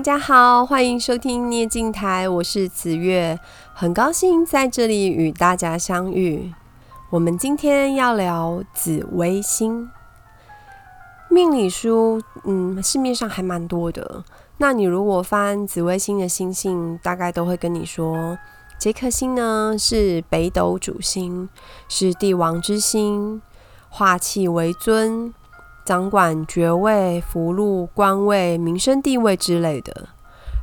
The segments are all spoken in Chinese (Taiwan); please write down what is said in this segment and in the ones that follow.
大家好，歡迎收聽捏鏡台，我是紫玥，很高興在這裡與大家相遇。我們今天要聊紫微星，命理書，嗯，市面上還蠻多的。那你如果翻紫微星的星性，大概都會跟你說，這顆星呢，是北斗主星，是帝王之星，化氣為尊。掌管爵位、福祿、官位、名聲地位之類的，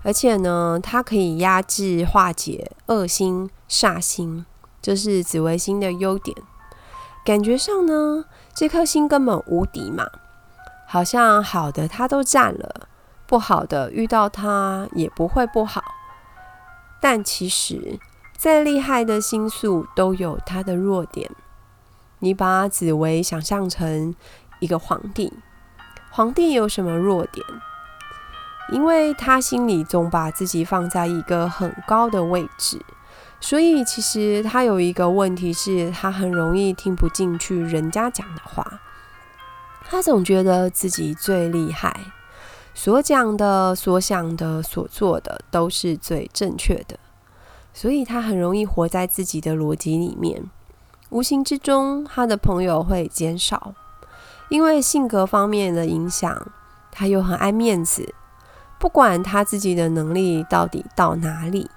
而且呢，它可以壓制化解惡星煞星，這是紫微星的優點。感覺上呢，這顆星根本無敵嘛，好像好的他都占了，不好的遇到他也不會不好。但其實，再厲害的星宿都有它的弱點。你把紫微想象成。一個皇帝，皇帝有什麼弱點？因為他心裡總把自己放在一個很高的位置，所以其實他有一個問題是，他很容易聽不進去人家講的話。他總覺得自己最厲害，所講的、所想的、所做的都是最正確的，所以他很容易活在自己的邏輯裡面，無形之中他的朋友會減少。因為性格方面的影響，他又很愛面子。不管他自己的能力到底到哪裡，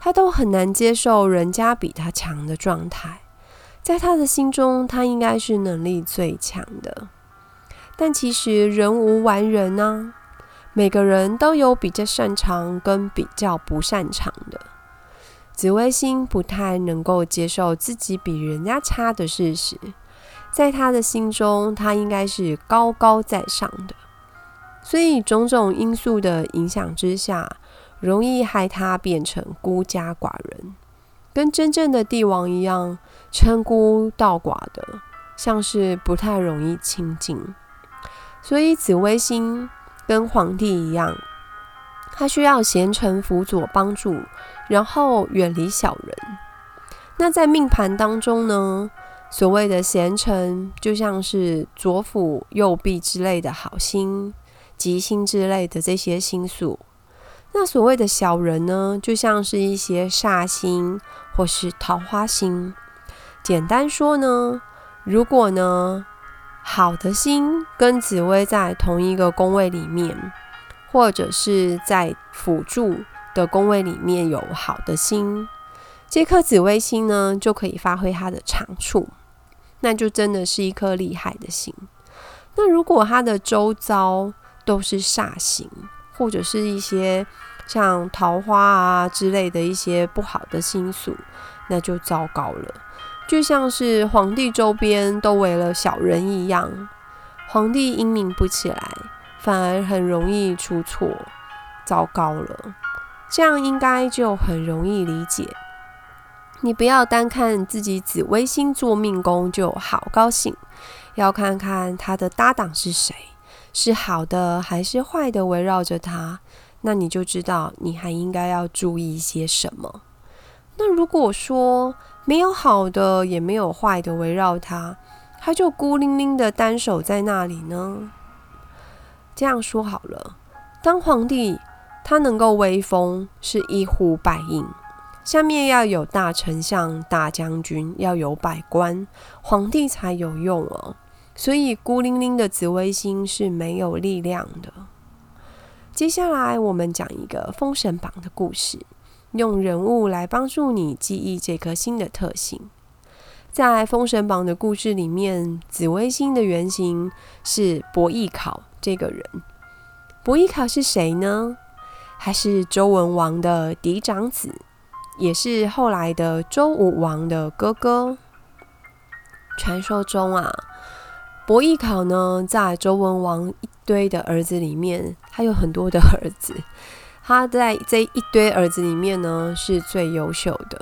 他都很難接受人家比他強的狀態。在他的心中，他應該是能力最強的。但其實人無完人呢、啊，每個人都有比較擅長跟比較不擅長的。紫微星不太能夠接受自己比人家差的事實。在他的心中，他應該是高高在上的，所以種種因素的影響之下，容易害他變成孤家寡人，跟真正的帝王一樣，稱孤道寡的，像是不太容易親近。所以紫微星跟皇帝一樣，他需要賢臣輔佐幫助，然後遠離小人。那在命盤當中呢？所謂的賢臣，就像是左輔右弼之類的，好星，吉星之類的這些星宿。那所謂的小人呢，就像是一些煞星或是桃花星。簡單說呢，如果呢好的星跟紫微在同一個宮位裡面，或者是在輔助的宮位裡面有好的星。這顆紫微星呢，就可以發揮它的長處，那就真的是一顆厲害的星。那如果它的周遭，都是煞星，或者是一些像桃花啊之類的一些不好的星宿，那就糟糕了。就像是皇帝周邊都圍了小人一樣，皇帝英明不起來，反而很容易出錯，糟糕了。這樣應該就很容易理解。你不要單看自己紫微星坐命宮就好高興，要看看他的搭檔是誰，是好的還是壞的圍繞着他，那你就知道你還應該要注意些什麼。那如果說沒有好的也沒有壞的圍繞他，他就孤零零的單守在那裡呢？這樣說好了，當皇帝他能夠威風，是一呼百應。下面要有大丞相、大將軍，要有百官，皇帝才有用哦。所以孤零零的紫微星是沒有力量的。接下來我們講一個《封神榜》的故事，用人物來幫助你記憶這顆星的特性。在《封神榜》的故事裡面，紫微星的原型是伯邑考這個人。伯邑考是誰呢？還是周文王的嫡長子。也是後來的周武王的哥哥。傳說中啊，伯邑考呢，在周文王一堆的兒子裡面，他有很多的兒子。他在這一堆兒子裡面呢，是最優秀的。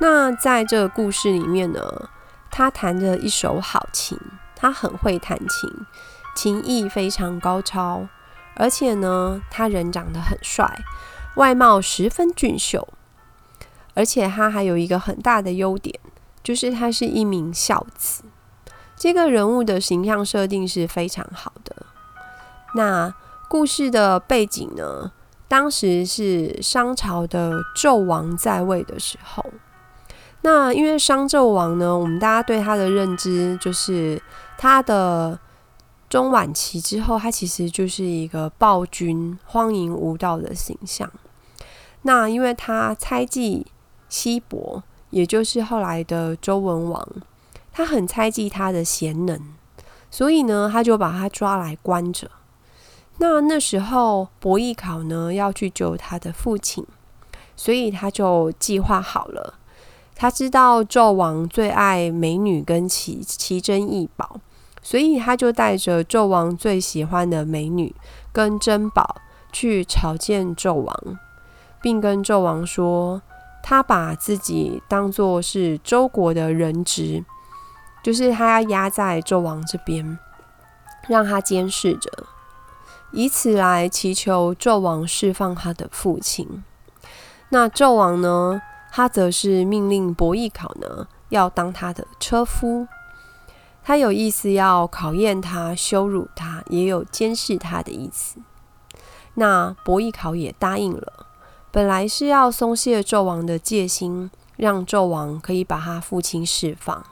那在這個故事裡面呢，他彈着一手好琴，他很會彈琴，琴藝非常高超。而且呢，他人長得很帥，外貌十分俊秀。而且他還有一個很大的優點，就是他是一名孝子。這個人物的形象設定是非常好的。那故事的背景呢？當時是商朝的紂王在位的時候。那因為商紂王呢，我們大家對他的認知就是他的中晚期之後，他其實就是一個暴君、荒淫無道的形象。那因為他猜忌。西伯，也就是後來的周文王，他很猜忌他的賢能，所以呢，他就把他抓來關着。那那時候，伯邑考呢要去救他的父親，所以他就計劃好了。他知道紂王最愛美女跟奇奇珍異寶，所以他就帶着紂王最喜歡的美女跟珍寶去朝見紂王，並跟紂王說。他把自己當作是周國的人質，就是他要押在紂王這邊，讓他監視着，以此來祈求紂王釋放他的父親。那紂王呢，他則是命令伯邑考呢要當他的車夫，他有意思要考驗他、羞辱他，也有監視他的意思。那伯邑考也答應了。本來是要鬆懈紂王的戒心，讓紂王可以把他父親釋放。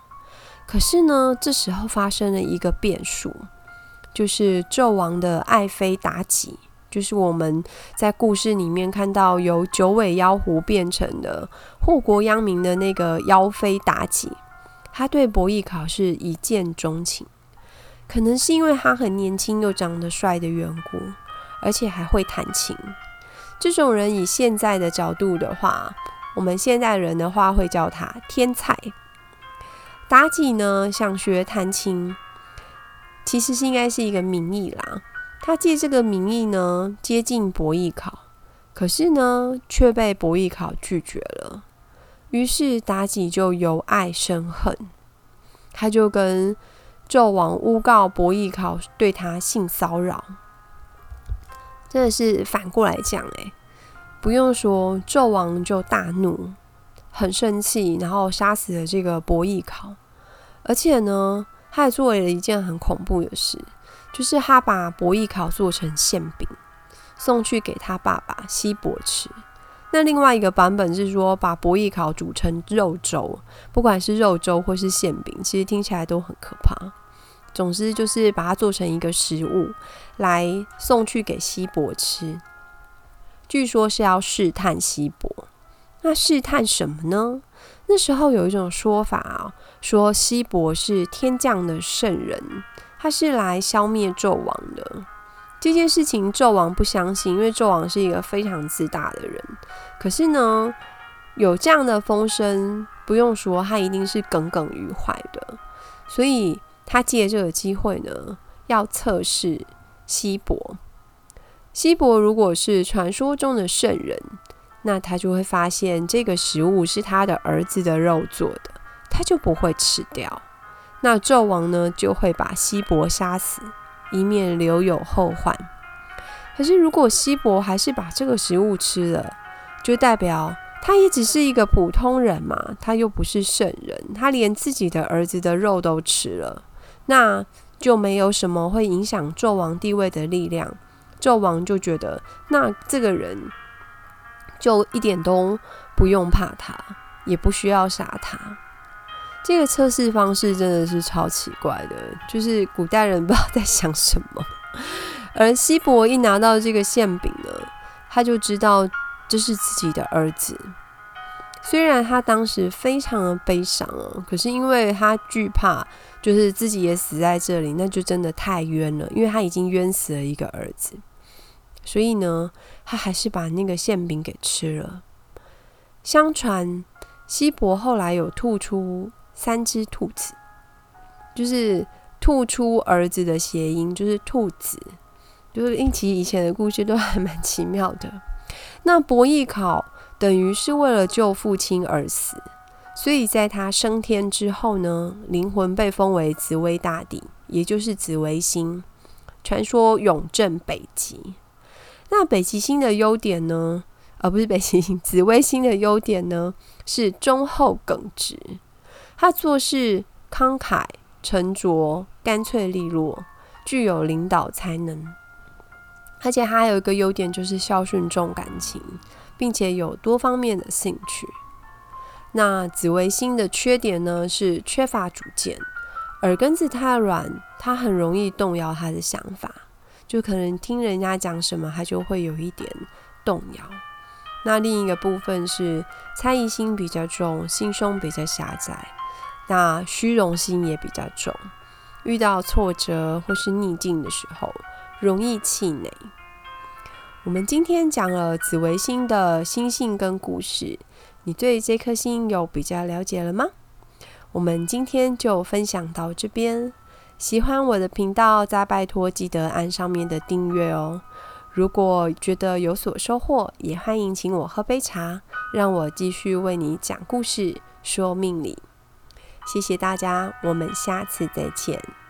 可是呢，這時候發生了一個變數，就是紂王的愛妃妲己，就是我們在故事裡面看到由九尾妖狐變成的禍國殃民的那個妖妃妲己，他對伯邑考是一見鍾情，可能是因為他很年輕又長得帥的緣故，而且還會彈琴。這種人以現在的角度的話，我們現在人的話會叫他天才。妲己呢，想學彈琴，其實是應該是一個名義啦。他借這個名義呢，接近伯邑考，可是呢卻被伯邑考拒絕了。於是妲己就由愛生恨，他就跟紂王誣告伯邑考對他性騷擾。真的是反過來講哎、欸，不用說，紂王就大怒，很生氣，然後殺死了這個伯邑考。而且呢，他還做了一件很恐怖的事，就是他把伯邑考做成餡餅，送去給他爸爸西伯吃。那另外一個版本是說，把伯邑考煮成肉粥。不管是肉粥或是餡餅，其實聽起來都很可怕。總之就是把它做成一個食物，來送去給西伯吃。據說是要試探西伯，那試探什麼呢？那時候有一種說法啊、哦，說西伯是天降的聖人，他是來消滅紂王的。這件事情紂王不相信，因為紂王是一個非常自大的人。可是呢，有這樣的風聲，不用說，他一定是耿耿於懷的。所以。他借這個機會呢，要測試西伯。西伯如果是傳說中的聖人，那他就會發現這個食物是他的兒子的肉做的，他就不會吃掉。那紂王呢，就會把西伯殺死，以免留有後患。可是如果西伯還是把這個食物吃了，就代表他也只是一個普通人嘛，他又不是聖人，他連自己的兒子的肉都吃了。那就沒有什麼會影響紂王地位的力量，紂王就覺得，那這個人就一點都不用怕他，也不需要殺他。這個測試方式真的是超奇怪的，就是古代人不知道在想什麼。而西伯一拿到這個餡餅呢，他就知道這是自己的兒子。雖然他當時非常的悲傷哦，可是因為他懼怕，就是自己也死在這裡，那就真的太冤了。因為他已經冤死了一個兒子，所以呢，他還是把那個餡餅給吃了。相傳西伯後來有吐出三隻兔子，就是吐出兒子的諧音，就是兔子。就是因其以前的故事都還蠻奇妙的。那伯邑考，等於是為了救父親而死，所以在他升天之後呢，靈魂被封為紫微大帝，也就是紫微星。傳說永鎮北極。那北極星的優點呢？呃、啊，不是北極星，紫微星的優點呢是忠厚耿直，他做事慷慨、沉着、乾脆利落，具有領導才能。而且他還有一個優點，就是孝順、重感情。並且有多方面的興趣。那紫微星的缺點呢，是缺乏主見，耳根子太軟，他很容易動搖他的想法，就可能聽人家講什麼，他就會有一點動搖。那另一個部分是猜疑心比較重，心胸比較狹窄，那虛榮心也比較重。遇到挫折或是逆境的時候，容易氣餒。我們今天講了紫微星的星性跟故事，你對這顆星有比較了解了嗎？我們今天就分享到這邊。喜歡我的頻道，再拜托記得按上面的訂閱哦。如果覺得有所收穫，也歡迎請我喝杯茶，讓我繼續為你講故事、說命理。謝謝大家，我們下次再見。